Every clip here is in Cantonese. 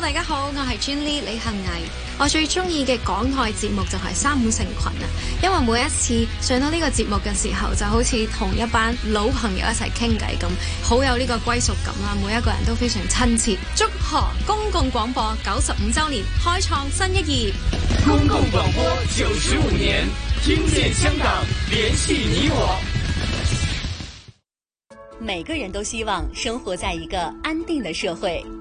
大家好，我係 Jennie 李杏毅。我最中意嘅港台節目就係《三五成群》啊，因為每一次上到呢個節目嘅時候，就好似同一班老朋友一齊傾偈咁，好有呢個歸屬感啊。每一個人都非常親切。祝賀公共廣播九十五周年，開創新一頁。公共廣播九十五年，聽見香港，聯繫你我。每個人都希望生活在一個安定的社會。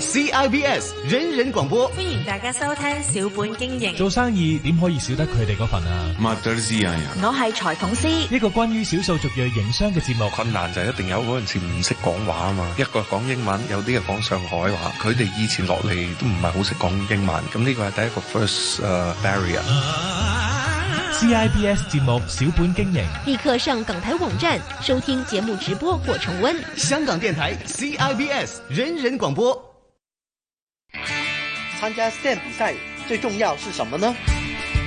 CIBS 人人廣播，歡迎大家收聽小本經營。做生意點可以少得佢哋嗰份啊？人人我係裁縫師，呢、這個關於少數族裔營商嘅節目，困難就一定有，嗰陣時唔識講話啊嘛。一個講英文，有啲人講上海話，佢哋以前落嚟都唔係好識講英文。咁呢個係第一個 first、uh, barrier。CIBS 節目小本經營，立刻上港台網站收聽節目直播或重温。香港電台 CIBS 人人廣播。參加 STEM 比賽最重要是什麼呢？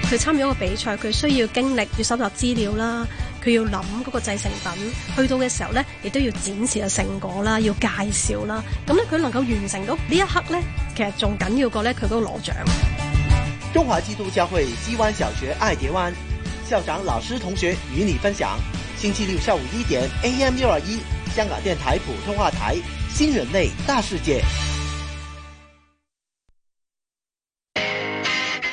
佢參與一個比賽，佢需要經歷要收集資料啦，佢要諗嗰個製成品，去到嘅時候咧，亦都要展示嘅成果啦，要介紹啦，咁咧佢能夠完成到呢一刻咧，其實仲緊要過咧佢都攞獎。中華基督教會西灣小學愛蝶灣校長老師同學與你分享，星期六下午一點 AM 六二一香港電台普通話台，新人類大世界。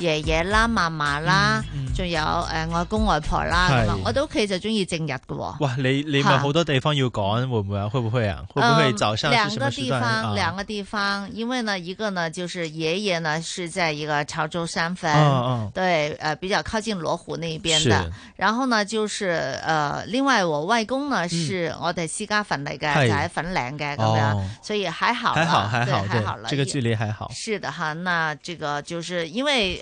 爺爺啦、嫲嫲啦，仲、嗯嗯、有誒外、哎、公外婆啦咁啊！嗯、我哋屋企就中意正日嘅喎。哇，你你咪好多地方要講，會唔會啊？會唔會啊？會唔會早上、嗯？兩個地方、啊，兩個地方，因為呢，一個呢，就是爺爺呢，是在一個潮州山墳、啊嗯，對，誒、呃，比較靠近羅湖那邊的。是然後呢，就是誒、呃，另外我外公呢，嗯、是我哋私家墳嚟嘅，在粉嶺嘅咁樣，所以還好，還好，還好，還好啦。這個距離還好。是的哈，那這個就是因為。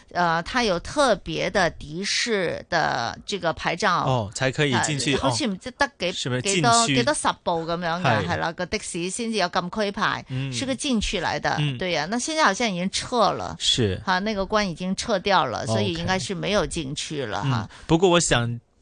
呃，他有特別的的士的這個牌照，哦，才可以進去。好似唔知得幾幾多幾多十部咁樣嘅，係啦個的士先至有禁區牌，是個禁區來的、嗯。對啊，那現在好像已經撤了，是、嗯、哈、啊，那個關已經撤掉了，所以應該是沒有禁區了、okay、哈、嗯。不過我想。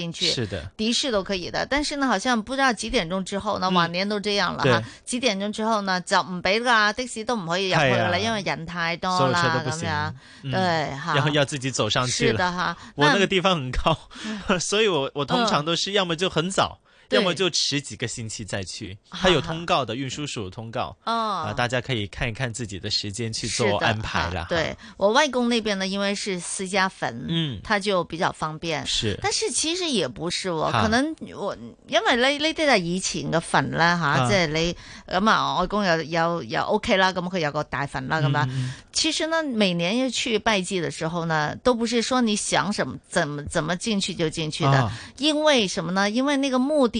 進去是的，的士都可以的。但是呢，好像不知道幾點鐘之後，呢，往、嗯、年都這樣了哈。幾點鐘之後呢，就唔俾啦。啊，的士都唔可以入去啦，因為人太多啦，咁樣、嗯。對，然後要自己走上去了是的哈。我那個地方很高， 所以我我通常都是、嗯、要麼就很早。要麼就遲幾個星期再去，他有通告的，啊、運輸署有通告啊，啊，大家可以看一看自己的時間去做安排了、啊、對我外公那邊呢，因為是私家墳，嗯，他就比較方便。是，但是其實也不是哦、啊，可能我因為那那對的以前的墳呢，哈、啊、這、那、啊，你咁外公有有有 OK 啦，咁佢有個大墳啦，咁、嗯、樣。其實呢，每年要去拜祭的時候呢，都不是說你想什麼怎麼怎麼進去就進去的、啊，因為什麼呢？因為那個墓地。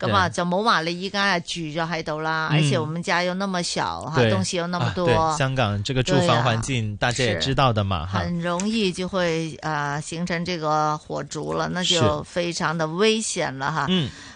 咁啊，就冇話你依家住咗喺度啦，而且我們家又那麼小，哈，東西又那麼多，啊、對香港這個住房環境、啊、大家也知道的嘛，哈，很容易就會啊、呃、形成這個火燭了，那就非常的危險了，哈。嗯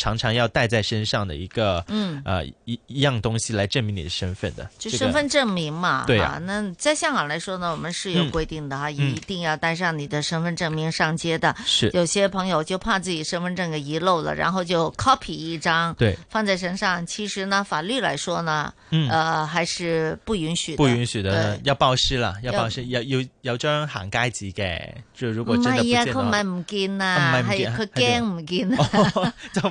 常常要帶在身上的一個，嗯，呃，一一樣東西來證明你的身份的，就身份證明嘛。這個、對啊，啊，那在香港來說呢，我們是有規定的哈，嗯、一定要帶上你的身份證明上街的。是，有些朋友就怕自己身份證給遺漏了，然後就 copy 一張，對，放在身上。其實呢，法律來說呢，嗯、呃，還是不允許，不允許的呢，要報失了，要報失，要要要張行街紙嘅。就如果真的唔係、嗯、啊，佢唔係唔見啊，係佢驚唔見啊，就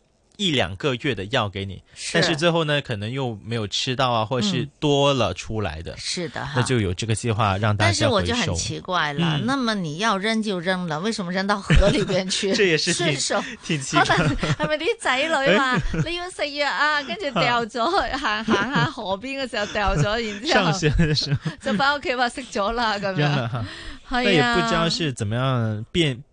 一兩個月的藥給你，但是最後呢，可能又沒有吃到啊，或者是多了出來的、嗯，是的，那就有這個計劃讓大家回收。但是我就很奇怪了、嗯，那麼你要扔就扔了，為什麼扔到河裏邊去？ 這也是順手，挺奇怪。係咪啲仔女嘛、哎？你要食藥啊，跟住掉咗，行行下河邊嘅時候掉咗，然之後上嘅時候 就翻屋企話食咗啦，咁樣可以啊。 也不知道是怎麼樣變。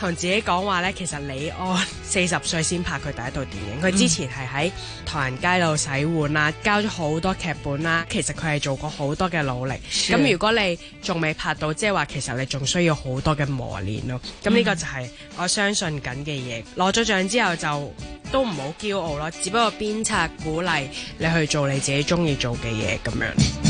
同自己講話咧，其實李安四十歲先拍佢第一套電影。佢之前係喺唐人街度洗碗啦，交咗好多劇本啦。其實佢係做過好多嘅努力。咁、yeah. 如果你仲未拍到，即係話其實你仲需要好多嘅磨練咯。咁、yeah. 呢個就係我相信緊嘅嘢。攞咗獎之後就都唔好驕傲咯，只不過鞭策鼓勵你去做你自己鍾意做嘅嘢咁樣。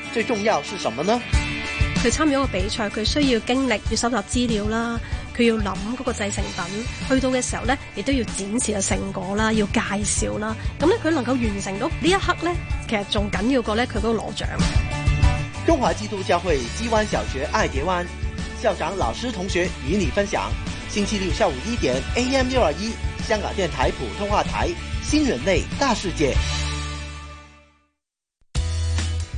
最重要是什麼呢？佢參與一個比賽，佢需要經歷要收集資料啦，佢要諗嗰個製成品，去到嘅時候咧，亦都要展示嘅成果啦，要介紹啦，咁咧佢能夠完成到呢一刻咧，其實仲緊要過咧佢嗰個攞獎。中華基督教會基灣小學愛蝶灣校長老師同學與你分享，星期六下午一點 A.M. 六二一香港電台普通話台新人類大世界。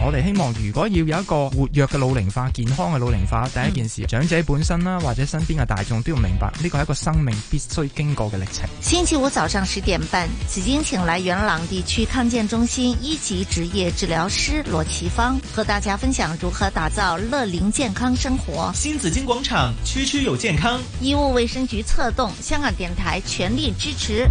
我哋希望，如果要有一個活躍嘅老齡化、健康嘅老齡化，第一件事，嗯、長者本身啦，或者身邊嘅大眾都要明白，呢個係一個生命必須經過嘅歷程。星期五早上十點半，紫荊請來元朗地區康健中心一級職業治療師羅奇芳，和大家分享如何打造樂齡健康生活。新紫荊廣場，區區有健康，醫務衛生局策動，香港電台全力支持。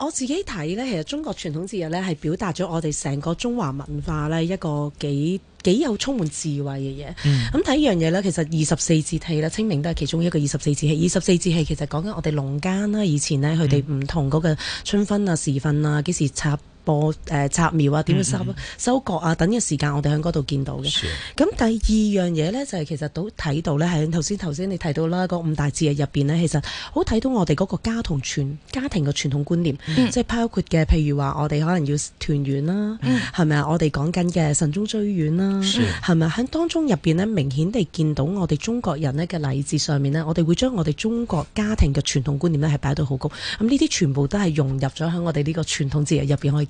我自己睇呢，其實中國傳統節日呢，係表達咗我哋成個中華文化呢一個幾幾有充滿智慧嘅嘢。咁第二樣嘢呢，其實二十四節氣啦，清明都係其中一個二十四節氣。二十四節氣其實講緊我哋農耕啦，以前呢，佢哋唔同嗰個春分啊、時分啊，幾時插。播誒、呃、插苗啊，點樣收、mm -hmm. 收割啊？等嘅時間，我哋喺嗰度見到嘅。咁、sure. 第二樣嘢咧，就係、是、其實都睇到咧，係頭先頭先你提到啦，嗰、那個、五大節日入邊咧，其實好睇到我哋嗰個家同全家庭嘅傳統觀念，mm -hmm. 即係包括嘅，譬如話我哋可能要團圓啦，係咪啊？Mm -hmm. 是是我哋講緊嘅慎終追遠啦、啊，係咪喺當中入邊呢，明顯地見到我哋中國人呢嘅禮節上面呢，我哋會將我哋中國家庭嘅傳統觀念咧，係擺到好高。咁呢啲全部都係融入咗喺我哋呢個傳統節日入邊去。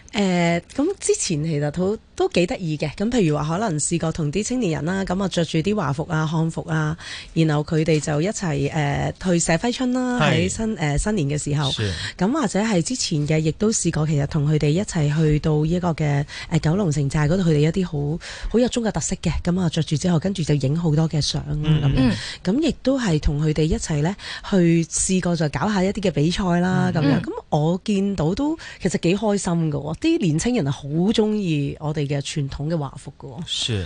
誒、欸、咁之前其實都都幾得意嘅，咁譬如話可能試過同啲青年人啦，咁啊着住啲華服啊、漢服啊，然後佢哋就一齊誒、呃、去寫揮春啦、啊，喺新誒、呃、新年嘅時候，咁或者係之前嘅，亦都試過其實同佢哋一齊去到一個嘅、呃、九龍城寨嗰度，佢哋一啲好好有中國特色嘅，咁啊着住之後，跟住就影好多嘅相咁樣，咁亦都係同佢哋一齊咧去試過就搞下一啲嘅比賽啦咁樣，咁我見到都其實幾開心嘅喎。啲年青人好中意我哋嘅傳統嘅華服㗎喎。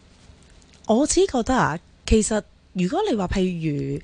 我自己覺得啊，其實如果你話譬如，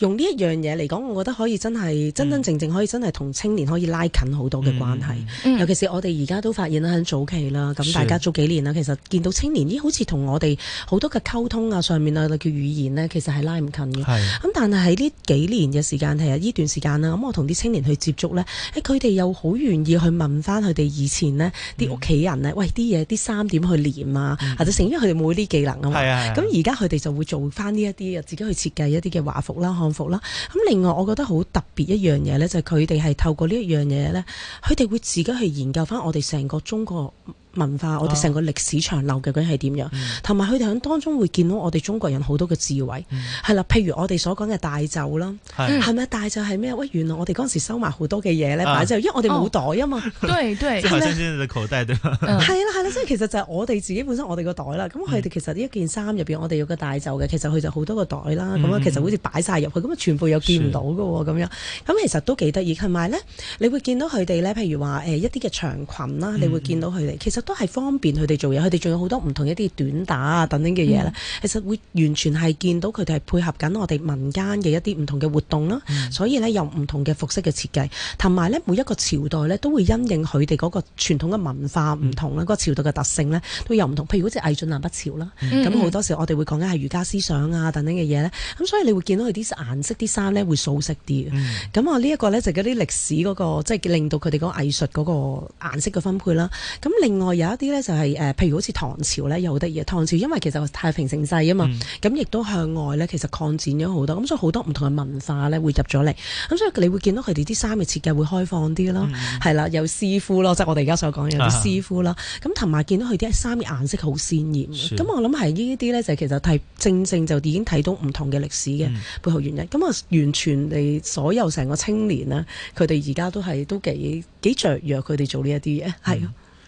用呢一樣嘢嚟講，我覺得可以真係真、嗯、真正正可以真係同青年可以拉近好多嘅關係、嗯。尤其是我哋而家都發現啦，喺早期啦，咁、嗯、大家早幾年啦，其實見到青年咦，好似同我哋好多嘅溝通啊，上面啊嘅語言呢其實係拉唔近嘅。咁、嗯、但係喺呢幾年嘅時間，其實呢段時間啦，咁我同啲青年去接觸呢，佢、哎、哋又好願意去問翻佢哋以前呢啲屋企人呢、嗯，喂，啲嘢啲衫點去縫啊、嗯，或者成因為佢哋冇啲技能嘛啊。咁而家佢哋就會做翻呢一啲，自己去設計一啲嘅華服啦，服啦。咁另外，我覺得好特別一樣嘢咧，就係佢哋係透過呢一樣嘢咧，佢哋會自己去研究返我哋成個中國文化我哋成個歷史長流究竟係點樣？同埋佢哋喺當中會見到我哋中國人好多嘅智慧，係、嗯、啦，譬如我哋所講嘅大袖啦，係咪？大袖係咩？喂，原來我哋嗰時收埋好多嘅嘢咧，擺、啊、咗，因為我哋冇袋啊嘛，對、哦、對，即係將將口袋對嘛，係啦係啦、嗯，所以其實就係我哋自己本身我哋個袋啦。咁佢哋其實呢一件衫入邊，我哋有個大袖嘅，其實佢就好多個袋啦。咁、嗯、啊，樣其實好似擺晒入去，咁啊全部又見唔到嘅喎，咁樣咁其實都幾得意。係咪？咧，你會見到佢哋咧，譬如話誒一啲嘅長裙啦，你會見到佢哋、嗯、其實。都係方便佢哋做嘢，佢哋仲有好多唔同一啲短打啊等等嘅嘢咧。其實會完全係見到佢哋係配合緊我哋民間嘅一啲唔同嘅活動啦、嗯。所以咧有唔同嘅服飾嘅設計，同埋咧每一個朝代咧都會因應佢哋嗰個傳統嘅文化唔同啦，嗯、嗰個朝代嘅特性咧都有唔同。譬如好似魏晉南北朝啦，咁、嗯、好多時候我哋會講緊係儒家思想啊等等嘅嘢咧。咁所以你會見到佢啲顏色啲衫咧會素色啲咁、嗯、我呢一個咧就嗰啲歷史嗰、嗰個即係、即係、令到佢哋嗰個藝術嗰個顏色嘅分配啦。咁另外。有一啲咧就係、是、誒，譬如好似唐朝咧有好得意。唐朝因為其實太平盛世啊嘛，咁、嗯、亦都向外咧其實擴展咗好多，咁所以好多唔同嘅文化咧會入咗嚟，咁所以你會見到佢哋啲衫嘅設計會開放啲咯，係、嗯、啦，有師傅咯，即係我哋而家所講有啲師傅啦，咁同埋見到佢啲衫嘅顏色好鮮豔，咁我諗係呢啲咧就是其實係正正就已經睇到唔同嘅歷史嘅背後原因。咁、嗯、啊，我完全你所有成個青年咧，佢哋而家都係都幾幾雀躍他們做這些，佢哋做呢一啲嘢係。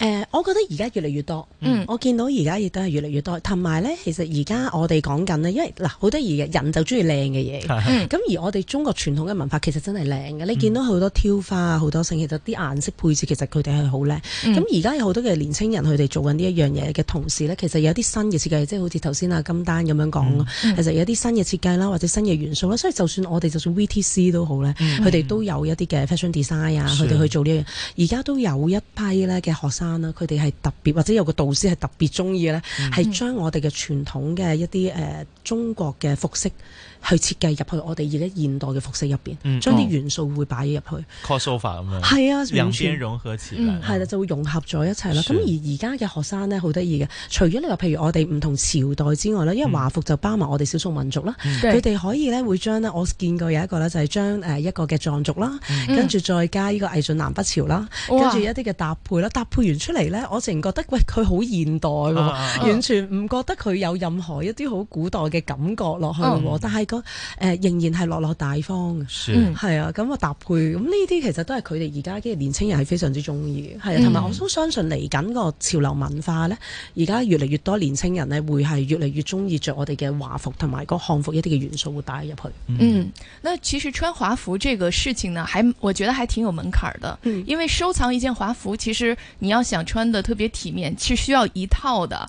誒、呃，我覺得而家越嚟越多、嗯，我見到而家亦都係越嚟越多。同埋咧，其實而家我哋講緊咧，因為嗱，好得意嘅人就中意靚嘅嘢。咁、嗯、而我哋中國傳統嘅文化其實真係靚嘅。你見到好多挑花啊，好多性，其實啲顏色配置其實佢哋係好靚。咁、嗯、而家有好多嘅年青人佢哋做緊呢一樣嘢嘅同時咧，其實有啲新嘅設計，即係好似頭先阿金丹咁樣講、嗯、其實有啲新嘅設計啦，或者新嘅元素啦。所以就算我哋就算 VTC 都好咧，佢哋都有一啲嘅 fashion design 啊，佢哋去做呢樣。而家都有一批咧嘅學生。佢哋係特別，或者有個導師係特別中意嘅咧，係、嗯、將我哋嘅傳統嘅一啲誒、呃、中國嘅服飾。去設計入去我哋而家現代嘅服飾入面，嗯、將啲元素會擺入去 cosplay。咁、嗯、樣，係、哦、啊，完全融合起，嗯，係啦、啊，就會融合咗一齊啦，咁而而家嘅學生咧，好得意嘅，除咗你話，譬如我哋唔同朝代之外咧，因為華服就包埋我哋少數民族啦，佢、嗯、哋、嗯、可以咧會將咧，我見過有一個咧就係將一個嘅藏族啦、嗯，跟住再加呢個魏晉南北朝啦、嗯，跟住一啲嘅搭配啦，搭配完出嚟咧，我淨覺得喂佢好現代喎、啊啊啊，完全唔覺得佢有任何一啲好古代嘅感覺落去，嗯、但係，個、呃、誒仍然係落落大方的，係啊，咁個搭配，咁呢啲其實都係佢哋而家嘅年青人係非常之中意嘅，係啊，同埋我都相信嚟緊個潮流文化咧，而家越嚟越多年青人咧會係越嚟越中意着我哋嘅華服同埋個漢服一啲嘅元素會帶入去。嗯，那其實穿華服這個事情呢，還，我覺得還挺有門檻的，因為收藏一件華服，其實你要想穿得特別體面，是需要一套的。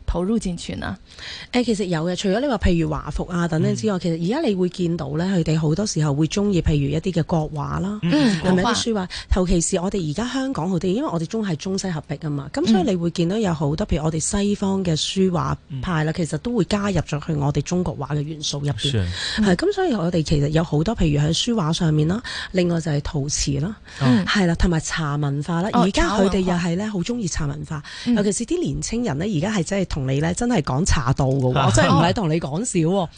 投入健全啊！誒、欸，其實有嘅，除咗你話譬如華服啊等等之外，嗯、其實而家你會見到咧，佢哋好多時候會中意譬如一啲嘅國畫啦，係咪一啲書畫，尤其是我哋而家香港好啲，因為我哋中係中西合璧啊嘛，咁、嗯、所以你會見到有好多譬如我哋西方嘅書畫派啦、嗯，其實都會加入咗去我哋中國畫嘅元素入邊。係咁、嗯，所以我哋其實有好多譬如喺書畫上面啦，另外就係陶瓷啦，係、嗯、啦，同埋茶文化啦。而家佢哋又係咧好中意茶文化，尤其是啲年青人咧，而家係真係同。你咧真係講茶道嘅喎， 真係唔係同你講笑喎。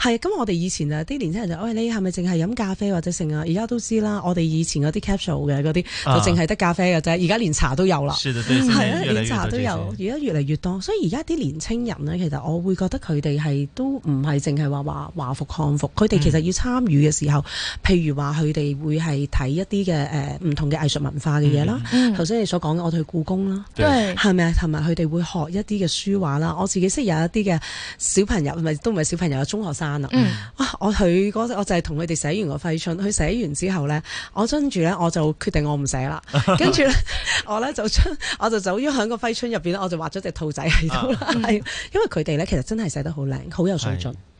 係 咁，那我哋以前啊，啲年輕人就，喂，你係咪淨係飲咖啡或者剩啊？而家都知啦。 我哋以前嗰啲 capsule 嘅嗰啲，就淨係得咖啡嘅啫。而家連茶都有啦，係 啊，連 茶都有。而家越嚟越多， 所以而家啲年輕人咧，其實我會覺得佢哋係都唔係淨係話華華服漢服。佢哋其實要參與嘅時候，譬、嗯、如話佢哋會係睇一啲嘅誒唔同嘅藝術文化嘅嘢啦。頭、嗯、先、嗯、你所講嘅，我哋去故宮啦，係咪？同埋佢哋會學一啲嘅書畫。我自己識有一啲嘅小朋友，唔係，都唔係小朋友，係中學生啦。嗯，哇，我去我就係同佢哋寫完個揮春》，佢寫完之後咧，我跟住咧，我就決定我唔寫啦。 跟住咧，我咧就將，我就走咗響個揮春》入邊，我就畫咗隻兔仔喺度啦。係、啊，因為佢哋咧，其實真係寫得好靚，好有水準。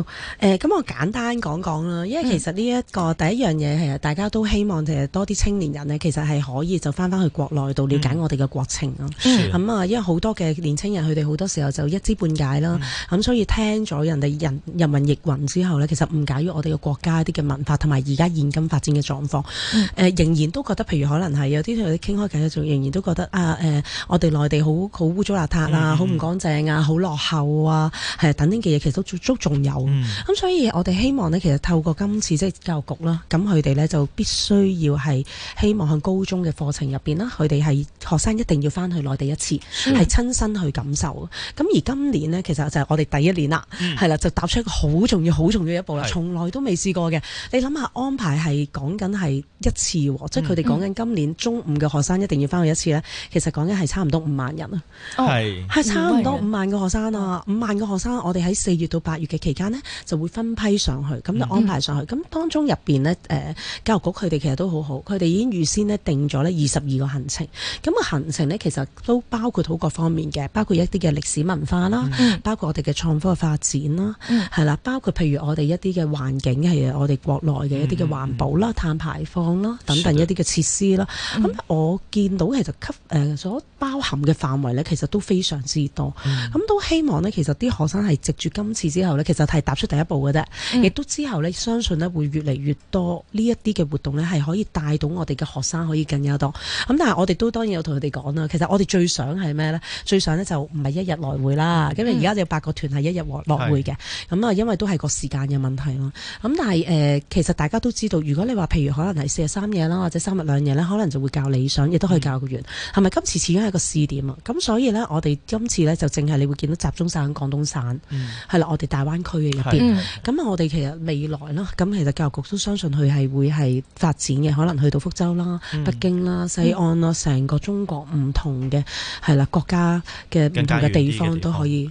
誒、嗯、咁，我簡單講講啦。因為其實呢、這、一個第一樣嘢，大家都希望就係多啲青年人呢，其實係可以就翻翻去國內度了解我哋嘅國情。咁啊，因為好多嘅年青人佢哋好多時候就一知半解啦。咁所以聽咗人哋人人云亦云之後呢，其實誤解於我哋嘅國家一啲嘅文化同埋而家現今發展嘅狀況。嗯、仍然都覺得，譬如可能係有啲同你傾開仍然都覺得啊誒、呃，我哋內地好好污糟邋遢啊，好唔乾淨啊，好落後啊，等啲嘅嘢，其實都都仲有。咁、嗯、所以我哋希望呢，其實透過今次即係、就是、教育局啦，咁佢哋呢就必須要係希望向高中嘅課程入邊啦，佢哋係學生一定要翻去內地一次，係、嗯、親身去感受。咁而今年呢，其實就係我哋第一年啦，係、嗯、啦，就踏出一個好重要、好重要一步啦，從來都未試過嘅。你諗下安排係講緊係一次，即係佢哋講緊今年中五嘅學生一定要翻去一次呢、嗯。其實講緊係差唔多五萬人、哦、五萬啊，係差唔多五萬個學生啊，五萬個學生，我哋喺四月到八月嘅期間。就會分批上去，咁就安排上去。咁、mm -hmm. 當中入邊呢，誒、呃、教育局佢哋其實都好好，佢哋已經預先咧定咗呢二十二個行程。咁個行程呢，其實都包括好各方面嘅，包括一啲嘅歷史文化啦，mm -hmm. 包括我哋嘅創科發展啦，係、mm -hmm. 啦，包括譬如我哋一啲嘅環境係我哋國內嘅一啲嘅環保啦、mm -hmm. 碳排放啦等等一啲嘅設施啦。咁、mm -hmm. 我見到其實吸誒所包含嘅範圍呢，其實都非常之多。咁、mm -hmm. 都希望呢，其實啲學生係藉住今次之後呢。其實。係踏出第一步嘅啫，亦都之後咧，相信咧會越嚟越多呢一啲嘅活動咧，係可以帶到我哋嘅學生可以更加多。咁但係我哋都當然有同佢哋講啦，其實我哋最想係咩咧？最想咧就唔係一日來回啦。嗯、因為而家有八個團係一日來回嘅，咁啊因為都係個時間嘅問題咯。咁但係誒、呃，其實大家都知道，如果你話譬如可能係四日三夜啦，或者三日兩夜咧，可能就會較理想，亦都可以教完。係、嗯、咪今次始終係個試點啊？咁所以咧，我哋今次咧就淨係你會見到集中晒喺廣東省，係、嗯、啦，我哋大灣區。入邊，咁啊，嗯、我哋其實未來啦，咁其實教育局都相信佢係會係發展嘅，可能去到福州啦、嗯、北京啦、西安咯，成、嗯、個中國唔同嘅係啦國家嘅唔同嘅地方、地方都可以。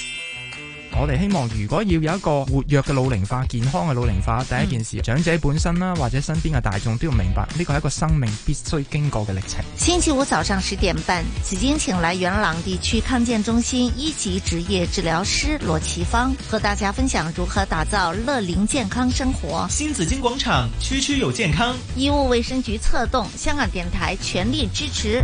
我哋希望，如果要有一個活躍嘅老齡化、健康嘅老齡化，第一件事，嗯、長者本身啦，或者身邊嘅大眾都要明白，呢個係一個生命必須經過嘅歷程。星期五早上十點半，紫荊請來元朗地區康健中心一級職業治療師羅奇芳，和大家分享如何打造樂齡健康生活。新紫荊廣場，區區有健康，醫務衛生局策動，香港電台全力支持。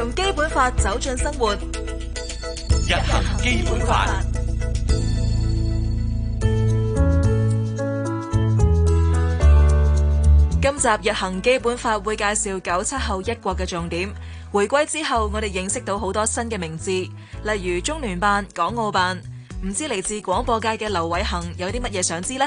用基本法走進生活日，日行基本法。今集日行基本法會介紹九七後一國嘅重點。回歸之後，我哋認識到好多新嘅名字，例如中聯辦、港澳辦。唔知嚟自廣播界嘅劉偉恒有啲乜嘢想知呢？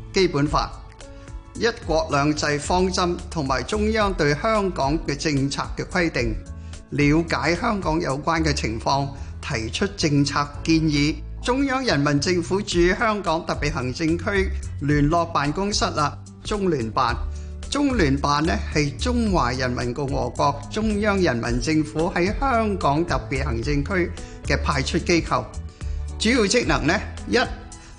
基本法、一國兩制方針同埋中央對香港嘅政策嘅規定，了解香港有關嘅情況，提出政策建議。中央人民政府駐香港特別行政區聯絡辦公室啦，中聯辦，中聯辦呢係中華人民共和國中央人民政府喺香港特別行政區嘅派出機構。主要職能呢，一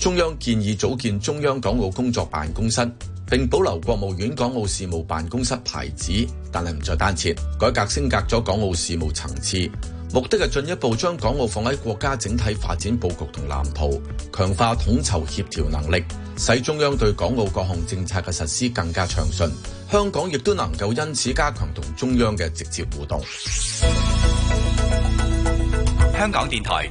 中央建議組建中央港澳工作辦公室，並保留國務院港澳事務辦公室牌子，但係唔再單設。改革升格咗港澳事務層次，目的係進一步將港澳放喺國家整體發展布局同藍圖，強化統籌協調能力，使中央對港澳各項政策嘅實施更加暢順。香港亦都能夠因此加強同中央嘅直接互動。香港電台。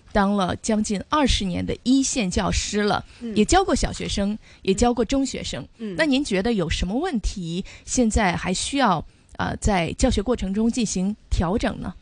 當了將近二十年的一線教師了、嗯，也教過小學生，也教過中學生。嗯、那您覺得有什麼問題？現在還需要呃在教學過程中進行調整呢、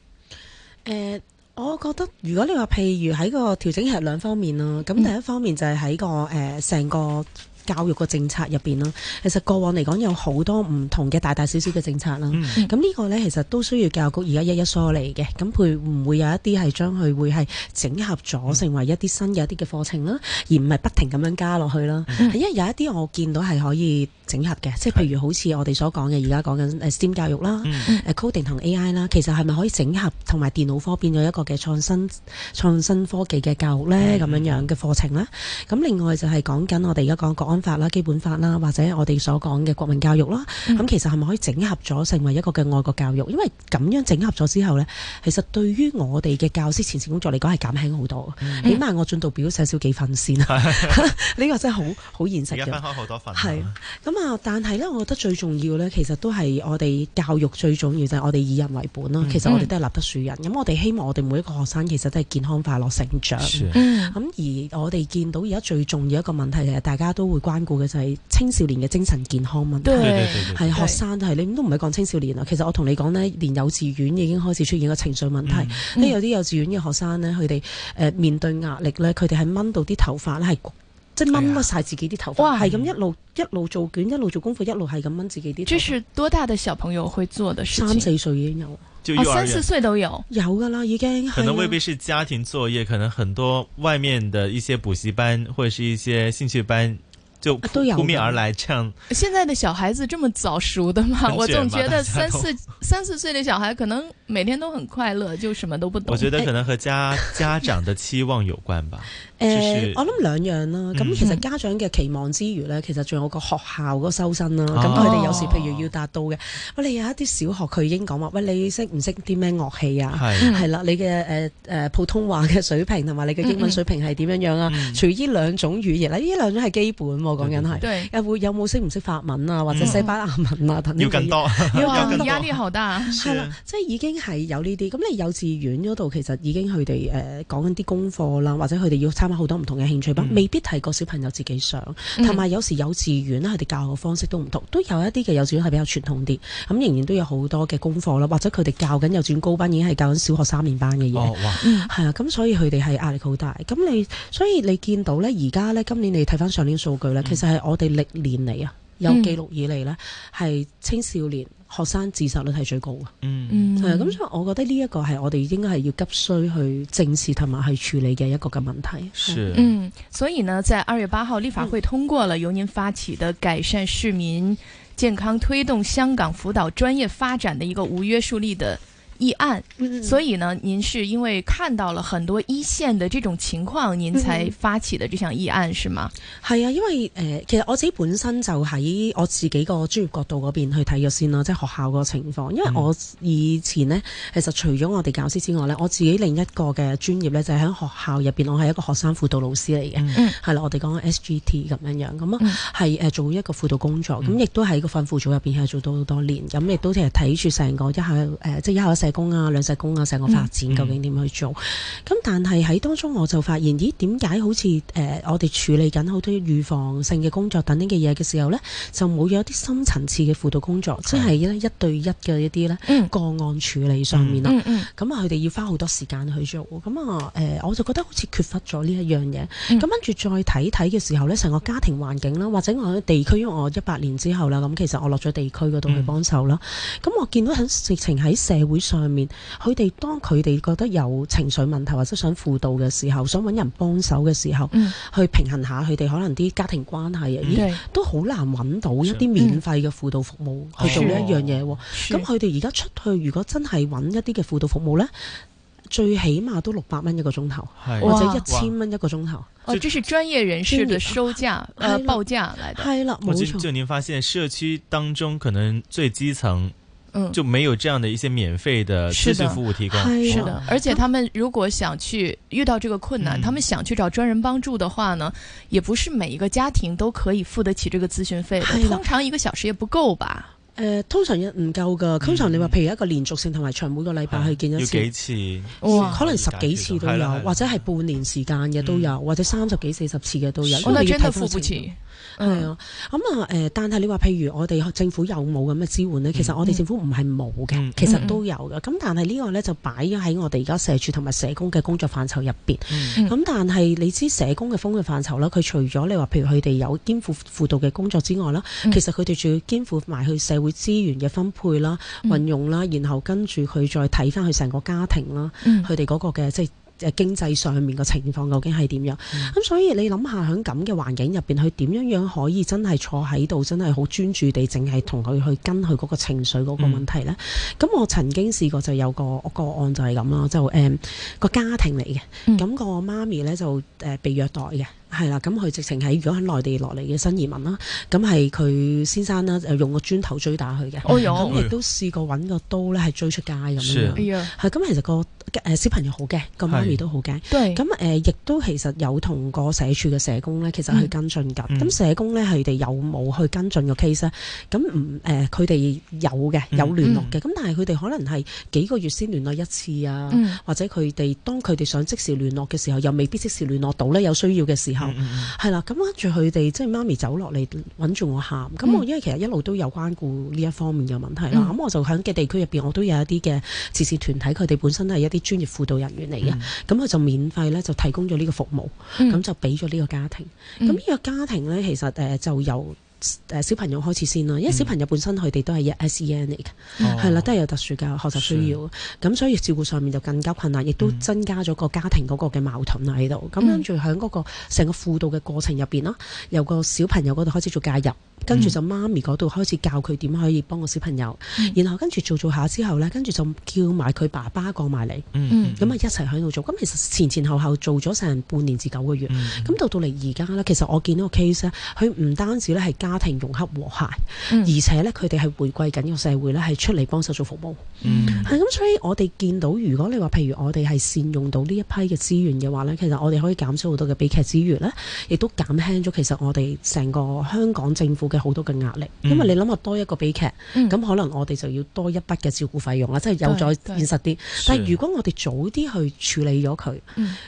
呃？我覺得，如果你話譬如喺個調整係兩方面咯。咁第一方面就係喺個誒成個。嗯呃教育嘅政策入邊啦，其實過往嚟講有好多唔同嘅大大小小嘅政策啦。咁、嗯、呢個呢，其實都需要教育局而家一一梳理嘅。咁佢唔會有一啲係將佢會係整合咗成為一啲新嘅一啲嘅課程啦，嗯、而唔係不停咁樣加落去啦。嗯、因為有一啲我見到係可以。整合嘅，即係譬如好似我哋所講嘅，而家講緊 STEM 教育啦、嗯呃、coding 同 AI 啦，其實係咪可以整合同埋電腦科變咗一個嘅創新創新科技嘅教育咧？咁、嗯、樣樣嘅課程啦。咁另外就係講緊我哋而家講國安法啦、基本法啦，或者我哋所講嘅國民教育啦，咁、嗯、其實係咪可以整合咗成為一個嘅外國教育？因為咁樣整合咗之後咧，其實對於我哋嘅教師前線工作嚟講係減輕好多，起、嗯、碼、嗯、我進度表寫少幾份先呢 個真係好好現實嘅。而家分開好多份。咁。但係咧，我覺得最重要咧，其實都係我哋教育最重要的就係、是、我哋以人為本咯、嗯。其實我哋都係立德樹人。咁、嗯、我哋希望我哋每一個學生其實都係健康快樂成長。咁、嗯、而我哋見到而家最重要的一個問題，大家都會關顧嘅就係青少年嘅精神健康問題。係學生係，你都唔係講青少年啊。其實我同你講呢，連幼稚園已經開始出現個情緒問題。嗯嗯、有啲幼稚園嘅學生呢，佢哋誒面對壓力呢，佢哋係掹到啲頭髮咧，係。 即掹甩晒自己啲頭髮，哇！係咁一路、嗯、一路做卷，一路做功課，一路係咁掹自己啲。這、就是多大的小朋友會做的事情？三四歲已經有了，就、哦、三四歲都有有噶啦，已經。可能未必是家庭作業，啊、可能很多外面的一些補習班或者是一些興趣班就撲面而來，這樣。現在的小孩子這麼早熟的嗎？我總覺得三四三四歲的小孩可能每天都很快樂，就什麼都不懂。我覺得可能和家、哎、家長的期望有關吧。 呃、我諗兩樣啦。咁、嗯、其實家長嘅期望之餘咧，其實仲有個學校嗰個修身啦。咁佢哋有時譬如要達到嘅，我你有一啲小學佢已經講話，喂，你識唔識啲咩樂器啊？係、嗯、啦，你嘅誒、呃、普通話嘅水平同埋你嘅英文水平係點樣樣啊？嗯、除呢兩種語言啦，呢、嗯、兩種係基本喎、啊，講緊係。對。會有冇識唔識法文啊，或者西班牙文啊？嗯、等要更多，要更多。壓力好大。係啦，即係已經係有呢啲。咁你幼稚園嗰度其實已經佢哋誒講緊啲功課啦，或者佢哋要參好多唔同嘅興趣班，嗯、未必係個小朋友自己上，同埋有，有時幼稚園咧，佢哋教嘅方式都唔同，都有一啲嘅幼稚園係比較傳統啲，咁、嗯、仍然都有好多嘅功課啦，或者佢哋教緊幼稚園高班，已經係教緊小學三年班嘅嘢，係、哦、啊，咁所以佢哋係壓力好大。咁你，所以你見到呢？而家呢，今年你睇翻上年數據呢，其實係我哋歷年嚟啊。有記錄以嚟，呢係青少年學生自殺率係最高嘅。嗯，咁，所以我覺得呢一個係我哋應該係要急需去正視同埋去處理嘅一個嘅問題。是，嗯，所以呢，在二月八號立法會通過了由您發起的改善市民健康、推動香港輔導專業發展的一個無約束力的。議案，所以呢，您是因為看到了很多一線的這種情況，您才發起的這項議案是嗎？係啊，因為誒、呃，其實我自己本身就喺我自己個專業角度嗰邊去睇咗先囉，即、就、係、是、學校個情況。因為我以前呢，其實除咗我哋教師之外呢，我自己另一個嘅專業呢，就喺、是、學校入邊，我係一個學生輔導老師嚟嘅，係、嗯、啦、啊，我哋講 S G T 咁樣樣，咁啊係誒做一個輔導工作，咁、嗯、亦都喺個訓輔組入邊係做咗好多年，咁、嗯、亦都成日睇住成個一下誒、呃，即係一下工啊，兩世工啊，成個發展究竟點去做？咁、嗯嗯、但係喺當中我就發現，咦，點解好似誒、呃，我哋處理緊好多預防性嘅工作等等嘅嘢嘅時候呢，就冇有一啲深層次嘅輔導工作，是即係一對一嘅一啲呢個案處理上面啦。咁、嗯、啊，佢、嗯、哋、嗯嗯嗯、要花好多時間去做。咁啊，誒，我就覺得好似缺乏咗呢一樣嘢。咁、嗯、跟住再睇睇嘅時候呢，成個家庭環境啦，或者我喺地區，因為我一八年之後啦，咁其實我落咗地區嗰度去幫手啦。咁、嗯嗯、我見到喺直情喺社會上。上面佢哋當佢哋覺得有情緒問題或者想輔導嘅時候，想揾人幫手嘅時候、嗯，去平衡下佢哋可能啲家庭關係啊，咦、都好難揾到一啲免費嘅輔導服務、嗯、去做呢一樣嘢。咁佢哋而家出去，如果真係揾一啲嘅輔導服務呢，最起碼都六百蚊一個鐘頭，或者一千蚊一個鐘頭。哦，這、即係專業人士嘅收價、啊呃、報價嚟嘅。係啦，冇錯。就你發現社區當中可能最基層。嗯，就沒有這樣的一些免費的諮詢服務提供是。是的，而且他們如果想去遇到這個困難，嗯、他們想去找專人幫助的話呢，也不是每一個家庭都可以付得起這個諮詢費的。通常一個小時也不夠吧？呃，通常也唔夠㗎。通常你話，譬如一個連續性同埋長，每個禮拜去見一次，嗯、幾次？可能十幾次都有，或者係半年時間嘅都有、嗯，或者三十幾四十次嘅都有。我、哦、哋真係付不起。係、嗯、啊，咁啊，誒，但係你話譬如我哋政府有冇咁嘅支援呢、嗯？其實我哋政府唔係冇嘅，其實都有嘅。咁、嗯、但係呢個咧就擺咗喺我哋而家社署同埋社工嘅工作範疇入邊。咁、嗯、但係你知道社工嘅服務範疇啦，佢除咗你話譬如佢哋有肩負輔導嘅工作之外啦、嗯，其實佢哋仲要肩負埋去社會資源嘅分配啦、運、嗯、用啦，然後跟住佢再睇翻佢成個家庭啦，佢哋嗰個嘅即係。就是誒經濟上面嘅情況究竟係點樣？咁、嗯、所以你諗下喺咁嘅環境入邊，佢點樣樣可以真係坐喺度，真係好專注地，淨係同佢去跟佢嗰個情緒嗰個問題呢？咁、嗯、我曾經試過就有個個案就係咁啦，就誒、嗯、個家庭嚟嘅，咁、個媽咪呢，就誒、呃、被虐待嘅。係啦，咁佢直情係如果喺內地落嚟嘅新移民啦，咁係佢先生啦，就用個磚頭追打佢嘅，咁亦、oh, yeah. 都試過揾個刀咧，係追出街咁樣。係咁 Yeah.，其實個誒小朋友好驚，Yeah. 個媽咪都好驚。咁誒 Yeah.、呃，亦都其實有同個社署嘅社工咧，其實係跟進緊。咁社工咧係佢哋有冇去跟進個 case？咁唔誒，佢哋、mm hmm. 有嘅、呃，有聯絡嘅。咁、mm hmm. 但係佢哋可能係幾個月先聯絡一次啊，mm hmm. 或者佢哋當佢哋想即時聯絡嘅時候，又未必即時聯絡到咧。有需要嘅時候。係、mm、啦 -hmm.，咁跟住佢哋即係媽咪走落嚟，揾住我喊。咁我因為其實一路都有關顧呢一方面嘅問題啦，咁、mm -hmm. 我就喺嘅地區入邊，我都有一啲嘅慈善團體，佢哋本身都係一啲專業輔導人員嚟嘅，咁、mm、佢 -hmm. 就免費咧就提供咗呢個服務，咁、mm -hmm. 就俾咗呢個家庭。咁、mm、呢 -hmm. 個家庭咧，其實誒、呃、就有。誒小朋友開始先啦，因為小朋友本身佢哋都係一 SEN 嚟嘅，係、嗯、啦，都係有特殊嘅學習需要，咁所以照顧上面就更加困難，亦都增加咗個家庭嗰個嘅矛盾啦喺度。咁跟住喺嗰個成個輔導嘅過程入邊啦，由個小朋友嗰度開始做介入，跟住就媽咪嗰度開始教佢點可以幫個小朋友，嗯、然後跟住做做下之後呢，跟住就叫埋佢爸爸過埋嚟，咁、嗯、啊、嗯嗯、一齊喺度做。咁其實前前後後做咗成半年至九個月，咁到到嚟而家呢，其實我見到個 case 咧，佢唔單止咧係家庭融洽和諧，嗯、而且咧佢哋係回歸緊個社會咧，係出嚟幫手做服務。係、嗯、咁，所以我哋見到，如果你話譬如我哋係善用到呢一批嘅資源嘅話咧，其實我哋可以減少好多嘅悲劇之餘咧，亦都減輕咗其實我哋成個香港政府嘅好多嘅壓力、嗯。因為你諗下多一個悲劇，咁、嗯、可能我哋就要多一筆嘅照顧費用啦。即係有咗現實啲。但係如果我哋早啲去處理咗佢，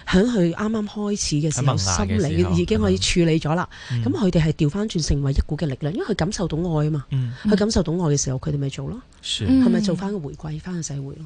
響佢啱啱開始嘅時，時候，心理已經可以處理咗啦。咁佢哋係掉返轉成為一嘅力量，因為佢感受到愛啊嘛，嗯、佢感受到愛嘅時候，佢哋咪做咯，係咪做翻個回饋翻個社會咯？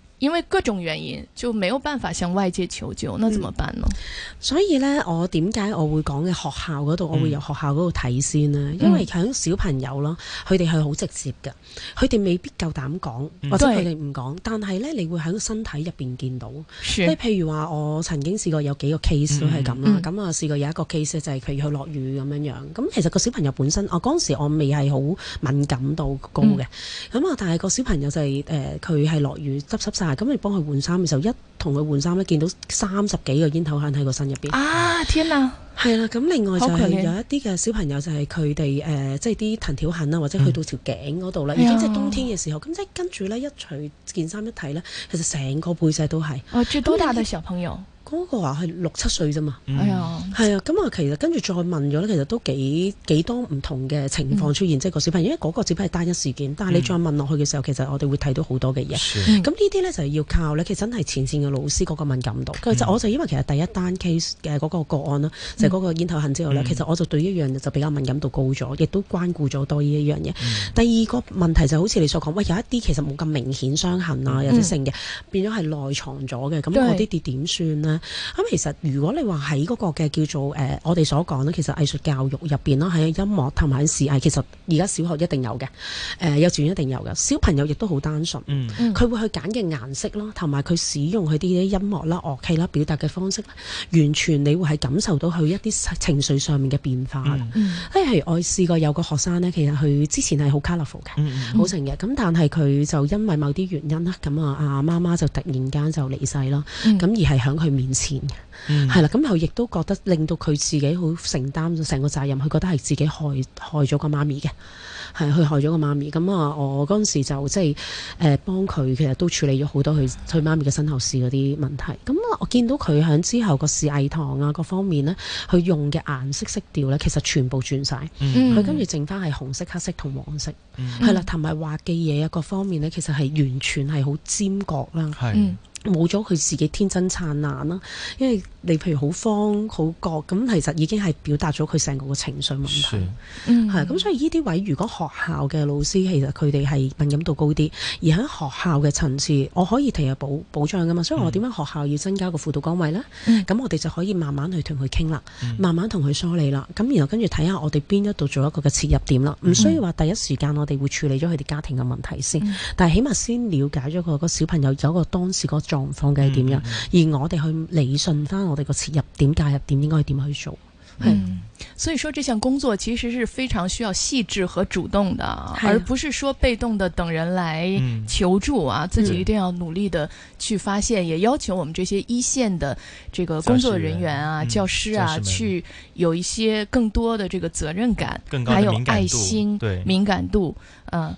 因為各種原因就沒有辦法向外界求救，那怎麼辦呢？嗯、所以咧，我點解我會講嘅學校嗰度，嗯，我會由學校嗰度睇先咧，嗯。因為響小朋友咯，佢哋係好直接嘅，佢哋未必夠膽講，或者佢哋唔講。但係咧，你會喺身體入邊見到，即係譬如話，我曾經試過有幾個 case 都係咁啦。咁、嗯、啊，試過有一個 case 就係佢要落雨咁樣樣。咁其實個小朋友本身，我嗰時我未係好敏感到高嘅。咁、嗯、啊，但係個小朋友就係、是、誒，佢係落雨濕濕晒。濕濕咁你幫佢換衫嘅時候，一同佢換衫咧，見到三十幾個煙頭痕喺個身入邊。啊！天啊！係啦，咁另外就係有一啲嘅小朋友就係佢哋誒，即係啲藤條痕啊，或者去到條頸嗰度啦，已經即係冬天嘅時候，咁即係跟住咧一除件衫一睇咧，其實成個背脊都係。哦、啊，住多大嘅小朋友？嗰、那個話係六七歲啫嘛，係、嗯、啊，係啊，咁啊其實跟住再問咗咧，其實都幾幾多唔同嘅情況出現，嗯、即係個小朋友，因為嗰個只不過係單一事件，但係你再問落去嘅時候、嗯，其實我哋會睇到好多嘅嘢。咁、嗯、呢啲咧就係要靠咧，其實真係前線嘅老師嗰個敏感度。其、嗯、實我就因為其實第一單 case 嘅嗰個個案啦、嗯，就嗰、是、個煙頭痕之後咧、嗯，其實我就對一樣就比較敏感度高咗，亦都關顧咗多呢一樣嘢。第二個問題就是、好似你所講，喂，有一啲其實冇咁明顯傷痕啊，有啲性嘅變咗係內藏咗嘅，咁我啲啲點算呢？咁其實如果你話喺嗰個嘅叫做誒、呃，我哋所講咧，其實藝術教育入邊咧，喺音樂同埋視藝，其實而家小學一定有嘅，誒、呃、幼稚園一定有嘅，小朋友亦都好單純，佢、嗯、會去揀嘅顏色咯，同埋佢使用佢啲音樂啦、樂器啦表達嘅方式，完全你會係感受到佢一啲情緒上面嘅變化。誒、嗯，如、嗯、我試過有個學生呢，其實佢之前係好 colourful 嘅，好、嗯嗯、成嘅，咁但係佢就因為某啲原因啦，咁啊阿媽媽就突然間就離世啦，咁、嗯、而係喺佢面前嘅，係、嗯、啦，咁又亦都覺得令到佢自己好承擔咗成個責任，佢覺得係自己害害咗個媽咪嘅，係去害咗個媽咪。咁啊，我嗰陣時就即係誒幫佢，呃、其實都處理咗好多佢佢媽咪嘅身後事嗰啲問題。咁我見到佢喺之後個示藝堂啊，各方面呢，佢用嘅顏色色調呢，其實全部轉晒，佢跟住剩翻係紅色、黑色同黃色，係、嗯、啦，同埋畫嘅嘢啊，各方面呢，其實係完全係好尖角啦。嗯嗯冇咗佢自己天真燦爛啦，因為你譬如好慌好覺，咁其實已經係表達咗佢成個嘅情緒問題，係咁所以呢啲位如果學校嘅老師其實佢哋係敏感度高啲，而喺學校嘅層次，我可以提實保保障噶嘛，所以我點解學校要增加個輔導崗位咧？咁、嗯、我哋就可以慢慢去同佢傾啦，慢慢同佢梳理啦，咁然後跟住睇下我哋邊一度做一個嘅切入點啦，唔需要話第一時間我哋會處理咗佢哋家庭嘅問題先，但係起碼先了解咗佢個小朋友有一個當時個。狀況嘅係點樣，嗯嗯，而我哋去理順翻我哋個切入點、介入點應該點去做？係、嗯，所以說，這項工作其實是非常需要細緻和主動的，啊、而不是說被動的等人來求助啊！嗯、自己一定要努力的去發現、啊，也要求我們這些一線的這個工作人員啊、教師啊，嗯教啊教，去有一些更多的這個責任感，更高的感還有愛心、對敏感度嗯。呃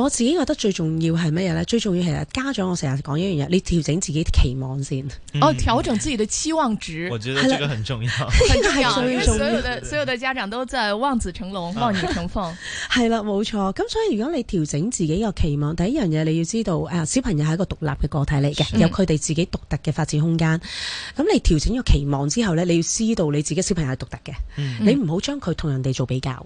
我自己覺得最重要係乜嘢咧？最重要係家長，我成日講一樣嘢，你調整自己的期望先。嗯、哦，調整自己的期望值，我覺得這個很重要， 很重要。所有的 所有的家長都在望子成龍，望女成鳳，係、啊、啦，冇 錯。咁所以如果你調整自己個期望，第一樣嘢你要知道，啊、小朋友係一個獨立嘅個體嚟嘅，有佢哋自己獨特嘅發展空間。咁、嗯、你調整咗期望之後咧，你要知道你自己小朋友係獨特嘅、嗯，你唔好將佢同人哋做比較。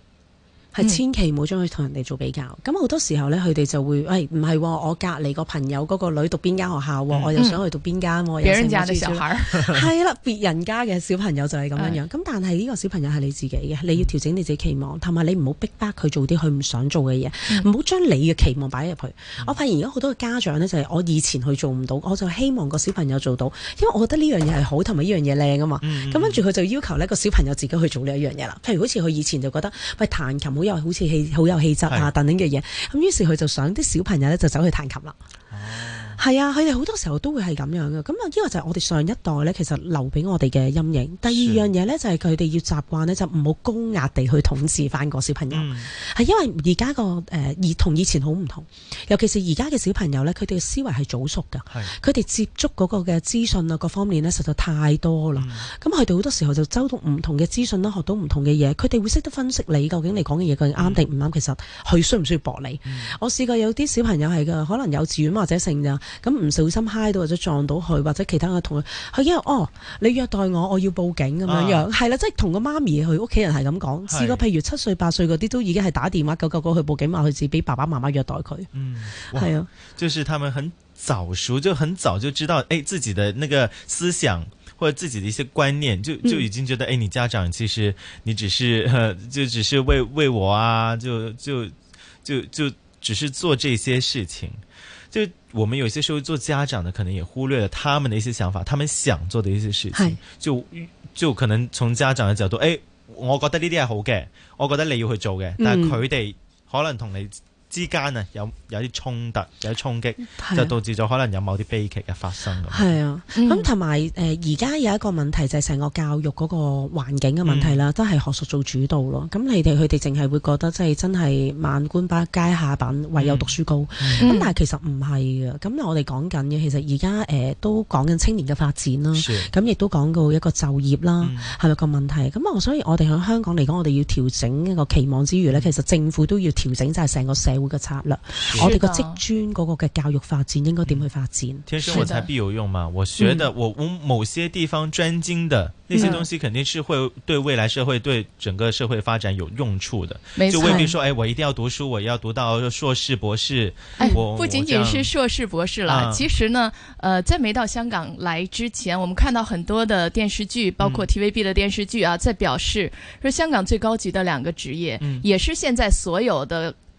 係千祈唔好將佢同人哋做比較，咁、mm. 好多時候咧，佢哋就會喂，唔、哎、係、哦、我隔離個朋友嗰個女讀邊間學校，mm. 我又想去讀邊間，mm. 我有成家嘅小孩，係啦，別人家嘅小， 小朋友就係咁樣樣，咁、mm. 但係呢個小朋友係你自己嘅，你要調整你自己期望，同、mm. 埋你唔好逼迫佢做啲佢唔想做嘅嘢，唔好將你嘅期望擺入去。Mm. 我發現而家好多嘅家長咧，就係、是、我以前去做唔到，我就希望個小朋友做到，因為我覺得呢樣嘢係好，同埋呢樣嘢靚啊嘛。咁跟住佢就要求呢個小朋友自己去做呢一樣嘢啦。譬如好似佢以前就覺得喂，彈琴。好有好似氣好有氣質啊，等等嘅嘢，咁於是佢就想啲小朋友咧就走去彈琴啦。啊係啊，佢哋好多時候都會係咁樣嘅咁啊。呢個就係我哋上一代咧，其實留俾我哋嘅陰影。第二樣嘢咧就係佢哋要習慣咧，就唔好高壓地去統治翻個小朋友，係、嗯、因為而家個誒同以前好唔同，尤其是而家嘅小朋友咧，佢哋嘅思維係早熟噶，佢哋接觸嗰個嘅資訊啊各方面咧，實在太多啦。咁佢哋好多時候就周到唔同嘅資訊啦，學到唔同嘅嘢，佢哋會識得分析你究竟你講嘅嘢究竟啱定唔啱。其實佢需唔需要駁你？嗯、我試過有啲小朋友係噶，可能幼稚園或者成咋。咁、嗯、唔小心揩到或者撞到佢，或者其他嘅同學，佢因為哦，你虐待我，我要報警咁樣、啊、樣，係啦，即係同、啊、個媽咪去，屋企人係咁講。試過譬如七歲八歲嗰啲都已經係打電話九九九去報警話佢自己俾爸爸媽媽虐待佢。嗯，係啊，就是他們很早熟，就很早就知道誒、哎，自己的那個思想或者自己的一些觀念，就就已經覺得誒、嗯哎，你家長其實你只是、呃、就只是為為我啊，就就就就只是做這些事情。就我們有些時候做家長的，可能也忽略了他們的一些想法，他們想做的一些事情，就就可能從家長的角度，誒、欸，我覺得呢啲係好嘅，我覺得你要去做嘅，但係佢哋可能同你、嗯。之間啊，有有啲衝突，有啲衝擊、啊，就導致咗可能有某啲悲劇嘅發生。係啊，咁同埋誒，而家有、呃、有一個問題就係、是、成個教育嗰個環境嘅問題啦、嗯，都係學術做主導咯。咁你哋佢哋淨係會覺得即係真係萬般皆下品，唯有讀書高。咁、嗯嗯嗯、但係其實唔係嘅。咁我哋講緊嘅其實而家誒都講緊青年嘅發展啦。咁亦都講到一個就業啦，係、嗯、咪個問題？咁啊，所以我哋喺香港嚟講，我哋要調整一個期望之餘呢、嗯，其實政府都要調整就係成個社會的的我哋個職專嗰個嘅教育發展應該點去發展？嗯、天生我材必有用嘛？我覺得我某些地方專精的，的，嗯、那些東西，肯定是會對未來社會對整個社會發展有用處的，嗯。就未必說，哎，我一定要讀書，我要讀到碩士博士。嗯，我我哎，不僅僅是碩士博士啦，啊，其實呢，呃，在沒到香港來之前，我們看到很多的電視劇，包括 TVB 的電視劇啊，在表示，嗯、說香港最高級的兩個職業，嗯，也是現在所有的。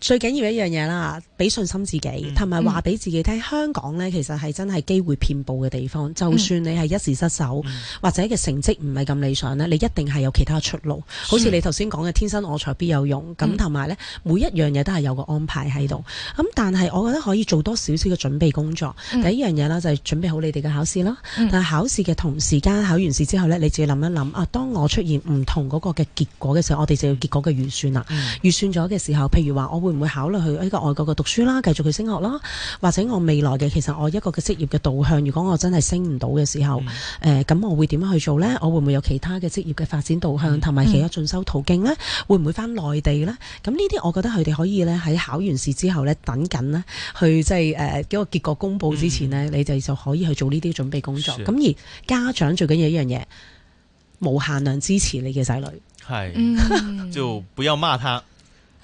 最緊要一樣嘢啦，俾信心、嗯、自己，同埋話俾自己聽，香港呢其實係真係機會遍佈嘅地方、嗯。就算你係一時失手、嗯，或者嘅成績唔係咁理想呢，你一定係有其他出路。好似你頭先講嘅，天生我材必有用。咁同埋呢每一樣嘢都係有個安排喺度。咁、嗯、但係我覺得可以做多少少嘅準備工作。嗯、第一樣嘢啦，就係準備好你哋嘅考試啦、嗯。但係考試嘅同時間，考完試之後呢，你自己諗一諗啊。當我出現唔同嗰個嘅結果嘅時候，我哋就要結果嘅預算啦、嗯。預算咗嘅時候，譬如話我會會唔會考慮去呢個外國嘅讀書啦，繼續去升學啦？或者我未來嘅其實我一個嘅職業嘅導向，如果我真係升唔到嘅時候，誒、嗯呃，咁我會點樣去做呢？嗯、我會唔會有其他嘅職業嘅發展導向，同埋其他進修途徑呢？嗯、會唔會翻內地呢？咁呢啲我覺得佢哋可以咧喺考完試之後咧等緊呢，去即係誒幾個結果公布之前呢，嗯、你就就可以去做呢啲準備工作。咁而家長最緊要一樣嘢，無限量支持你嘅仔女。係就不要罵他。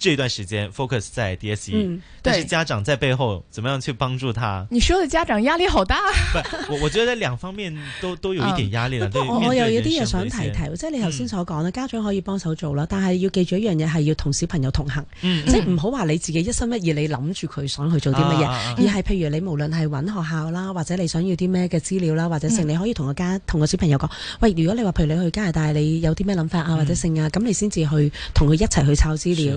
這段時間 focus 在 DSE、嗯、對，但是家長在背後怎麼樣去幫助他？你說的家長壓力好大。 我，我覺得兩方面都都有一點壓力了。我、嗯、我又有啲嘢想提提，嗯、即係你頭先所講家長可以幫手做啦，但係要記住一樣嘢係要同小朋友同行，嗯、即係唔好話你自己一心一意你諗住佢想去做啲乜嘢，而係譬如你無論係揾學校啦，或者你想要啲咩嘅資料啦，或者是你可以同個家、嗯、同個小朋友講，喂，如果你話譬如你去加拿大，你有啲咩諗法啊、嗯、或者性啊，咁你先至去同佢一齊去抄資料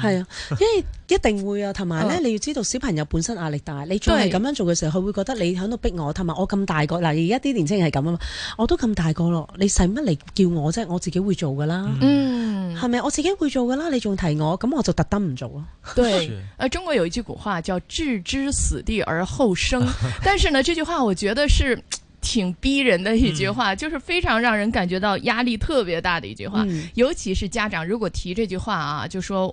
係、嗯、啊，因為一定會啊，同埋咧，你要知道小朋友本身壓力大，你再係咁樣做嘅時候，佢會覺得你喺度逼我，同埋我咁大個嗱，而家啲年青人係咁啊，我都咁大個咯，你使乜嚟叫我啫？我自己會做噶啦，嗯，係咪？我自己會做噶啦，你仲提我，咁我就特登唔做咯。對、呃，中國有一句古話叫置之死地而後生， 但是呢，這句話我覺得是挺逼人的一句話，嗯、就是非常讓人感覺到壓力特別大的一句話、嗯，尤其是家長如果提這句話啊，就說。